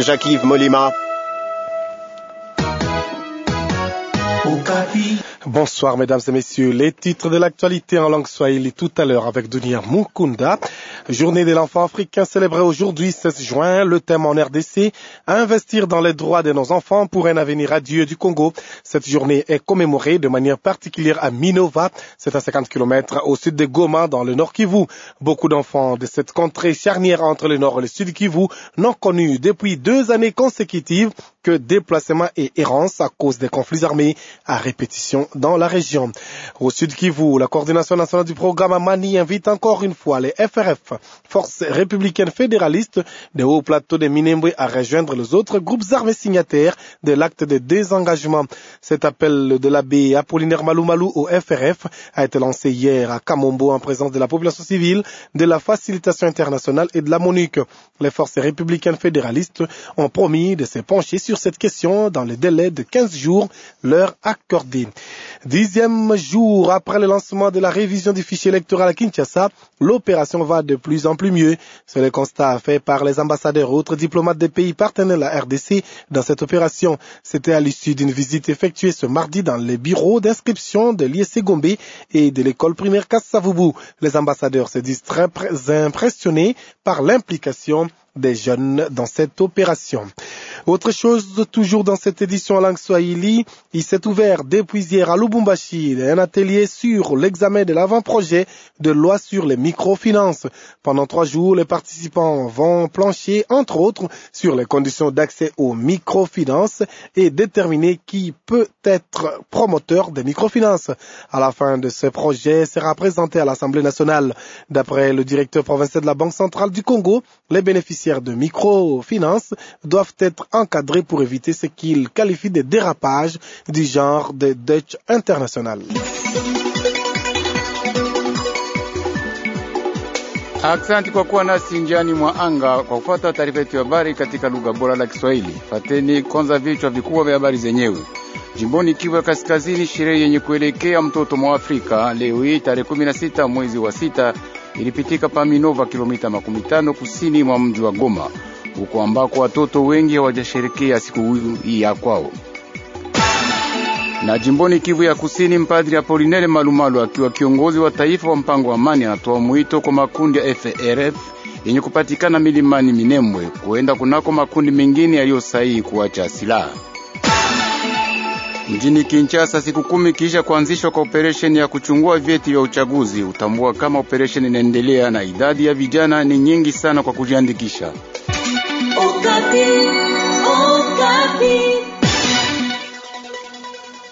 Jacques-Yves Molima. Bonsoir mesdames et messieurs, les titres de l'actualité en langue swahili tout à l'heure avec Dunia Mukunda. Journée de l'enfant africain célébrée aujourd'hui 16 juin, le thème en RDC, investir dans les droits de nos enfants pour un avenir radieux du Congo. Cette journée est commémorée de manière particulière à Minova, c'est à 50 km au sud de Goma dans le nord Kivu. Beaucoup d'enfants de cette contrée charnière entre le nord et le sud Kivu n'ont connu depuis deux années consécutives que déplacement et errance à cause des conflits armés arrêtés pétition dans la région. Au Sud Kivu, la coordination nationale du programme Mani invite encore une fois les FRF, Forces républicaines fédéralistes des hauts plateaux de Minembwe à rejoindre les autres groupes armés signataires de l'acte de désengagement. Cet appel de l'abbé Apollinaire Malou au FRF a été lancé hier à Kamombo en présence de la population civile, de la facilitation internationale et de la MONUC. Les forces républicaines fédéralistes ont promis de se pencher sur cette question dans le délai de 15 jours, leur accord. Dixième jour après le lancement de la révision du fichier électoral à Kinshasa, l'opération va de plus en plus mieux. C'est le constat fait par les ambassadeurs et autres diplomates des pays partenaires de la RDC dans cette opération. C'était à l'issue d'une visite effectuée ce mardi dans les bureaux d'inscription de l'ISC e Gombe et de l'école primaire Kassavubu. Les ambassadeurs se disent très impressionnés par l'implication des jeunes dans cette opération. Autre chose, toujours dans cette édition à langue swahili, il s'est ouvert depuis hier à Lubumbashi un atelier sur l'examen de l'avant-projet de loi sur les microfinances. Pendant trois jours, les participants vont plancher, entre autres, sur les conditions d'accès aux microfinances et déterminer qui peut être promoteur des microfinances. À la fin de ce projet sera présenté à l'Assemblée nationale. D'après le directeur provincial de la Banque centrale du Congo, les bénéficiaires de microfinances doivent être encadré pour éviter ce qu'il qualifie de dérapage du genre de Dutch International. Aksanti kwa kuwa nasi njiani mwa anga kwa kufuata taarifa yetu ya habari katika lugha bora la Kiswahili. Fateni kwanza vichwa vikubwa vya habari zenyewe. Jimboni Kivu ya Kaskazini, sherehe yenye kuelekea mtoto mwa Afrika leo hii tarehe 16 mwezi wa sita ilipitika pa Minova, kilomita makumi tano kusini mwa mji wa Goma huko ambako watoto wengi hawajasherekea siku hii ya kwao. Na jimboni Kivu ya Kusini, mpadri Apolinele Malumalu akiwa kiongozi wa taifa wa mpango wa amani anatoa mwito kwa makundi ya frf yenye kupatikana milimani Minembwe kuenda kunako makundi mengine yaliyo sahihi kuacha silaha. Mjini Kinshasa, siku kumi kisha kuanzishwa kwa operesheni ya kuchungua vyeti vya uchaguzi, utambua kama operesheni inaendelea na idadi ya vijana ni nyingi sana kwa kujiandikisha.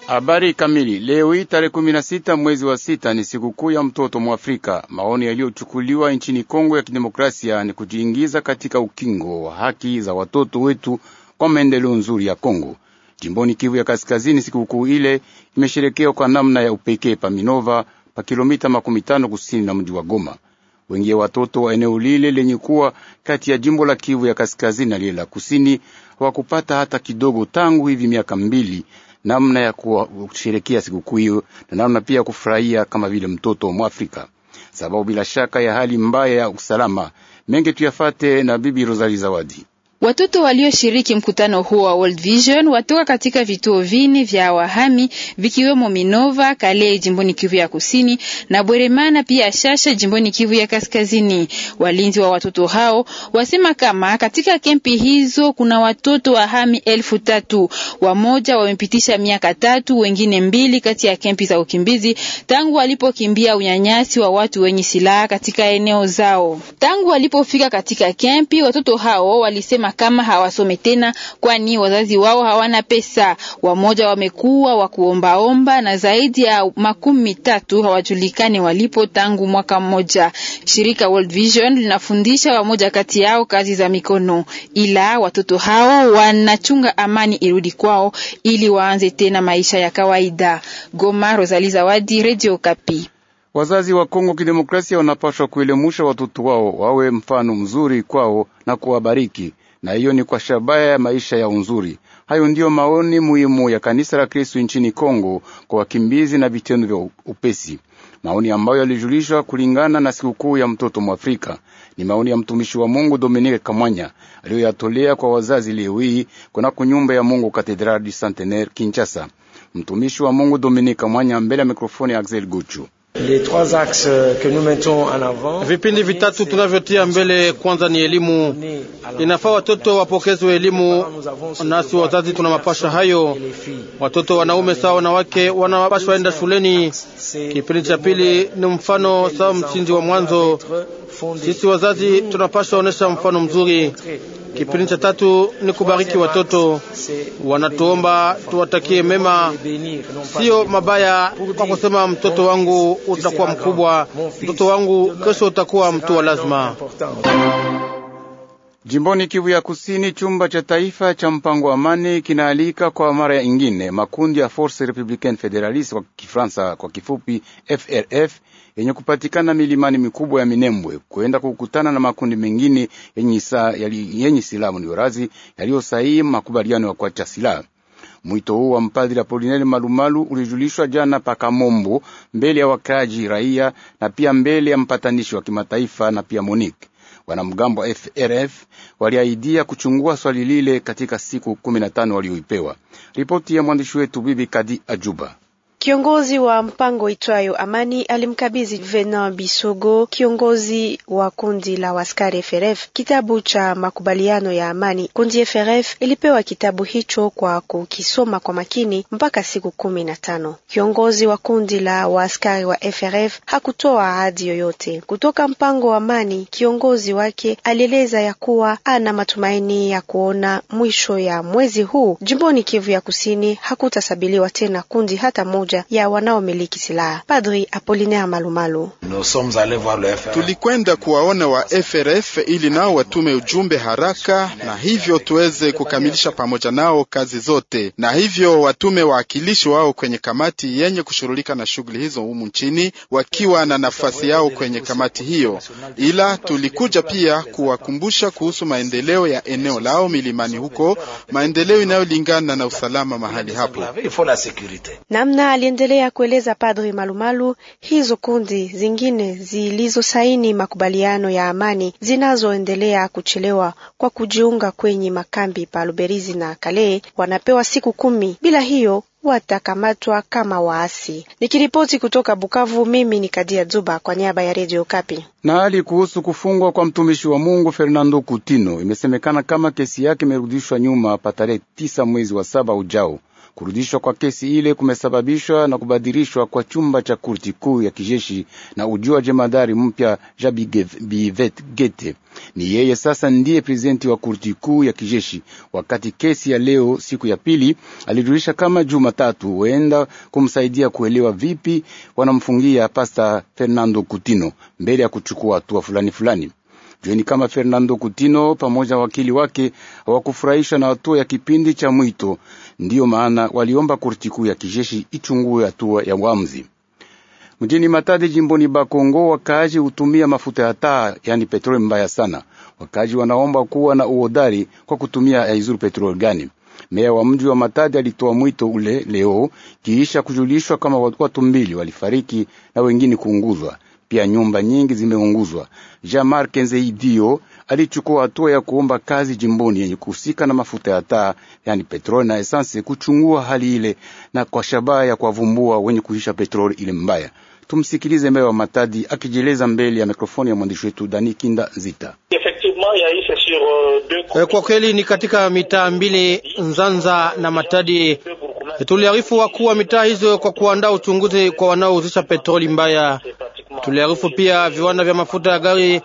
Habari kamili leo hii tarehe 16 mwezi wa sita ni sikukuu ya mtoto Mwafrika. Maoni yaliyochukuliwa nchini Kongo ya Kidemokrasia ni kujiingiza katika ukingo wa haki za watoto wetu kwa maendeleo nzuri ya Kongo. Jimboni Kivu ya Kaskazini, sikukuu ile imesherekewa kwa namna ya upekee pa Minova pa kilomita makumi tano kusini na mji wa Goma wengi watoto wa eneo lile lenye kuwa kati ya jimbo la Kivu ya kaskazini na lile la kusini hawakupata hata kidogo tangu hivi miaka mbili namna ya kusherekea sikukuu hiyo na namna pia ya kufurahia kama vile mtoto wa Mwafrika, sababu bila shaka ya hali mbaya ya usalama. Mengi tuyafate na Bibi Rozali Zawadi. Watoto walioshiriki mkutano huo wa World Vision watoka katika vituo vine vya wahami vikiwemo Minova, Kale jimboni Kivu ya Kusini na Bweremana pia Shasha jimboni Kivu ya Kaskazini. Walinzi wa watoto hao wasema kama katika kempi hizo kuna watoto wahami elfu tatu. Wamoja wamepitisha miaka tatu, wengine mbili kati ya kempi za ukimbizi tangu walipokimbia unyanyasi wa watu wenye silaha katika eneo zao. Tangu walipofika katika kempi, watoto hao walisema wanasema kama hawasome tena, kwani wazazi wao hawana pesa. Wamoja wamekuwa wa kuombaomba na zaidi ya makumi tatu hawajulikani walipo tangu mwaka mmoja. Shirika World Vision linafundisha wamoja kati yao kazi za mikono, ila watoto hao wanachunga amani irudi kwao ili waanze tena maisha ya kawaida. Goma, Rosali Zawadi, Radio Kapi. Wazazi wa Kongo Kidemokrasia wanapaswa kuelimisha watoto wao wawe mfano mzuri kwao na kuwabariki na hiyo ni kwa shabaha ya maisha ya unzuri. Hayo ndiyo maoni muhimu ya kanisa la kristu nchini Kongo kwa wakimbizi na vitendo vya upesi, maoni ambayo yalijulishwa kulingana na sikukuu ya mtoto Mwafrika. Ni maoni ya mtumishi wa Mungu Dominike Kamwanya aliyoyatolea kwa wazazi leo hii kunako nyumba ya Mungu Katedrali du Centenaire Kinshasa. Mtumishi wa Mungu Dominike Kamwanya mbele ya mikrofoni ya Axel Guchu. Vipindi vitatu tunavyotia mbele, kwanza ni elimu Inafaa watoto wapokezwe elimu, nasi wazazi tuna mapasha hayo. Watoto wanaume sawa wanawake wanapashwa enda shuleni. Kipindi cha pili ni mfano sawa msingi wa mwanzo. Sisi wazazi tunapashwa onesha mfano mzuri. Kipindi cha tatu ni kubariki watoto, wanatuomba tuwatakie mema, sio mabaya, kwa kusema mtoto wangu utakuwa mkubwa, mtoto wangu kesho utakuwa mtu wa lazima. Jimboni Kivu ya Kusini, chumba cha taifa cha mpango wa amani kinaalika kwa mara ya ingine makundi ya Force Republicaine Federaliste, kwa Kifransa kwa kifupi FRF, yenye kupatikana milimani mikubwa ya Minembwe kwenda kukutana na makundi mengine yenye silaha mliorazi yaliyosaini makubaliano ya kuacha silaha. Mwito huu wa mpadri polineli Malumalu ulijulishwa jana Pakamombo mbele ya wakaaji raia na pia mbele ya mpatanishi wa kimataifa na pia Monique Wanamgambo wa FRF waliahidia kuchungua swali lile katika siku 15 walioipewa. Ripoti ya mwandishi wetu Bibi Kadi Ajuba. Kiongozi wa mpango itwayo Amani alimkabidhi Venan Bisogo, kiongozi wa kundi la waskari FRF, kitabu cha makubaliano ya amani. Kundi FRF ilipewa kitabu hicho kwa kukisoma kwa makini mpaka siku kumi na tano. Kiongozi wa kundi la waaskari wa FRF hakutoa ahadi yoyote kutoka mpango wa amani. Kiongozi wake alieleza ya kuwa ana matumaini ya kuona mwisho ya mwezi huu jimboni Kivu ya Kusini hakutasabiliwa tena kundi hata moja moja ya wanaomiliki silaha. Padri Apolinaire Malumalu: tulikwenda kuwaona wa FRF ili nao watume ujumbe haraka, na hivyo tuweze kukamilisha pamoja nao kazi zote, na hivyo watume waakilishi wao kwenye kamati yenye kushughulika na shughuli hizo humu nchini, wakiwa na nafasi yao kwenye kamati hiyo, ila tulikuja pia kuwakumbusha kuhusu maendeleo ya eneo lao milimani huko, maendeleo inayolingana na usalama mahali hapo namna aliendelea kueleza Padri Malumalu, hizo kundi zingine zilizosaini makubaliano ya amani zinazoendelea kuchelewa kwa kujiunga kwenye makambi pa Luberizi na Kale wanapewa siku kumi, bila hiyo watakamatwa kama waasi. Nikiripoti kutoka Bukavu, mimi ni Kadia Zuba kwa niaba ya Redio Kapi. Na hali kuhusu kufungwa kwa mtumishi wa Mungu Fernando Kutino, imesemekana kama kesi yake imerudishwa nyuma pa tarehe tisa mwezi wa saba ujao. Kurudishwa kwa kesi ile kumesababishwa na kubadilishwa kwa chumba cha kurti kuu ya kijeshi na ujua jemadari mpya Jabivet Gete. Ni yeye sasa ndiye prezidenti wa kurti kuu ya kijeshi, wakati kesi ya leo siku ya pili alijulisha kama Jumatatu huenda kumsaidia kuelewa vipi wanamfungia Pasta Fernando kutino mbele ya kuchukua hatua fulani fulani jueni kama Fernando Kutino pamoja na wakili wake hawakufurahisha na hatua ya kipindi cha mwito. Ndiyo maana waliomba korti kuu ya kijeshi ichungue hatua ya uamuzi. Mjini Matadi jimboni Bakongo, wakaaji hutumia mafuta ya taa, yani petroli mbaya sana. Wakaaji wanaomba kuwa na uhodari kwa kutumia aizuru petroli gani. Meya wa mji wa Matadi alitoa mwito ule leo kiisha kujulishwa kama watu mbili walifariki na wengine kuunguzwa pia nyumba nyingi zimeunguzwa. Jean Marc Nzeidio alichukua hatua ya kuomba kazi jimboni yenye kuhusika na mafuta ya taa, yani petroli na esanse, kuchungua hali ile na kwa shabaha ya kuwavumbua wenye kuhisha petroli ile mbaya. Tumsikilize mbele wa Matadi akijieleza mbele ya mikrofoni ya mwandishi wetu Dani Kinda Nzita. Euh, eh, kwa kweli ni katika mitaa mbili Nzanza na Matadi eh, tuliarifu wakuu wa mitaa hizo kwa kuandaa uchunguzi kwa wanaohuzisha petroli mbaya. Tuliarifu pia viwanda vya mafuta ya gari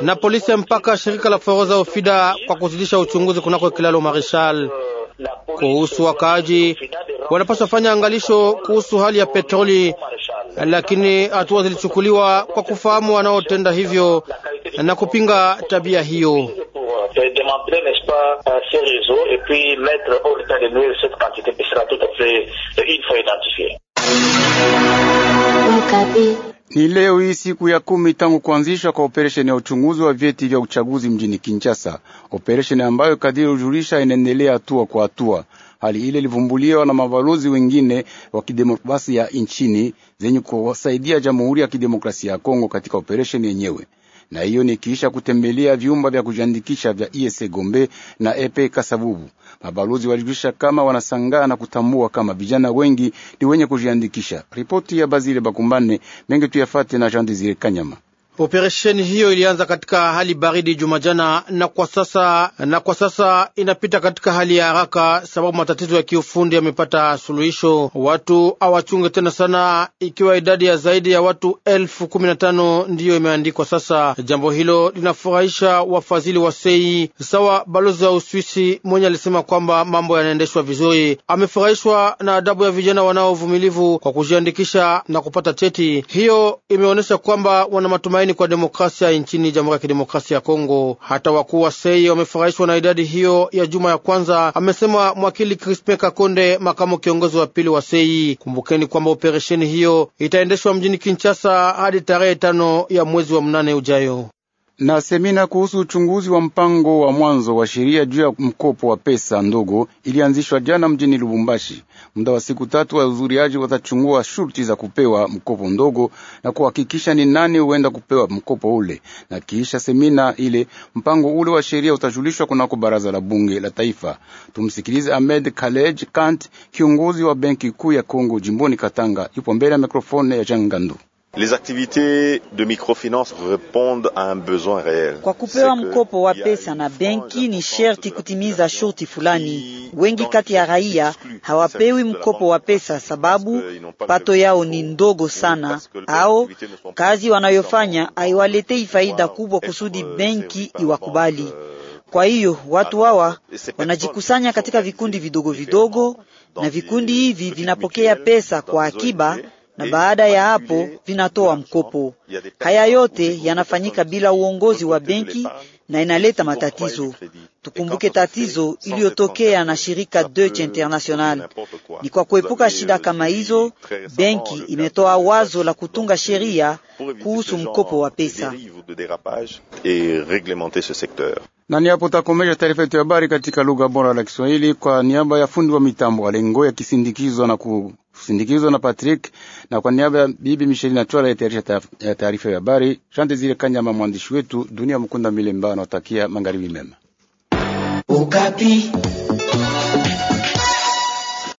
na polisi mpaka shirika la foroza Ofida kwa kuzidisha uchunguzi kunako kilalo Marishal. Kuhusu wakaaji, wanapaswa fanya angalisho kuhusu hali ya petroli, lakini hatua zilichukuliwa kwa kufahamu wanaotenda hivyo na kupinga tabia hiyo. Ni leo hii siku ya kumi tangu kuanzishwa kwa operesheni ya uchunguzi wa vyeti vya uchaguzi mjini Kinshasa, operesheni ambayo kadiri ujulisha inaendelea hatua kwa hatua. Hali ile ilivumbuliwa na mabalozi wengine wa kidemokrasia nchini zenye kuwasaidia Jamhuri ya Kidemokrasia ya Kongo katika operesheni yenyewe na hiyo ni kiisha kutembelea vyumba vya kujiandikisha vya ISE Gombe na EP Kasavubu. Mabalozi walikwisha kama wanasangaa na kutambua kama vijana wengi ni wenye kujiandikisha. Ripoti ya Bazile Bakumbane mengi tuyafate na Jean Desire Kanyama. Operesheni hiyo ilianza katika hali baridi Jumajana na kwa sasa, na kwa sasa inapita katika hali ya haraka, sababu matatizo ya kiufundi yamepata suluhisho. Watu hawachunge tena sana, ikiwa idadi ya zaidi ya watu elfu kumi na tano ndiyo imeandikwa sasa. Jambo hilo linafurahisha wafadhili wa sei, sawa balozi wa Uswisi mwenye alisema kwamba mambo yanaendeshwa vizuri. Amefurahishwa na adabu ya vijana wanaovumilivu kwa kujiandikisha na kupata cheti. Hiyo imeonyesha kwamba wana matumaini matumaini kwa demokrasia nchini Jamhuri ya Kidemokrasia ya Kongo. Hata wakuu wa sei wamefurahishwa na idadi hiyo ya juma ya kwanza, amesema mwakili Crispin Kakonde, makamu kiongozi wa pili wa sei. Kumbukeni kwamba operesheni hiyo itaendeshwa mjini Kinshasa hadi tarehe tano ya mwezi wa mnane ujayo na semina kuhusu uchunguzi wa mpango wa mwanzo wa sheria juu ya mkopo wa pesa ndogo ilianzishwa jana mjini Lubumbashi. Muda wa siku tatu, wahudhuriaji watachungua shurti za kupewa mkopo ndogo na kuhakikisha ni nani huenda kupewa mkopo ule, na kiisha semina ile mpango ule wa sheria utajulishwa kunako baraza la bunge la taifa. Tumsikilize Ahmed Kalej Kant, kiongozi wa benki kuu ya Kongo jimboni Katanga, yupo mbele ya mikrofone ya Jangandu. Les activités de microfinance répondent à un besoin réel. Kwa kupewa mkopo wa pesa na benki ni sherti kutimiza shurti fulani. Wengi kati ya raia hawapewi mkopo wa pesa sababu pato yao ni ndogo sana, au kazi wanayofanya haiwaletei faida kubwa kusudi euh, benki iwakubali. Kwa euh, hiyo watu hawa wanajikusanya katika vikundi vidogo vidogo, na vikundi hivi vinapokea pesa kwa akiba na baada ya hapo vinatoa mkopo. Haya yote yanafanyika bila uongozi wa benki na inaleta matatizo. Tukumbuke tatizo iliyotokea na shirika Deutsche International. Ni kwa kuepuka shida kama hizo, benki imetoa wazo la kutunga sheria kuhusu mkopo wa pesa na niapo takomesha taarifa yetu ya habari katika lugha bora la Kiswahili kwa niaba ya fundi wa mitambo Alengo yakisindikizwa na kusindikizwa na Patrick, na kwa niaba ya bibi Micheline Atwala yatayarisha taarifa ya habari Shante Zile Kanyama, mwandishi wetu Dunia Mkunda Milemba anawatakia magharibi mema. Ukapi.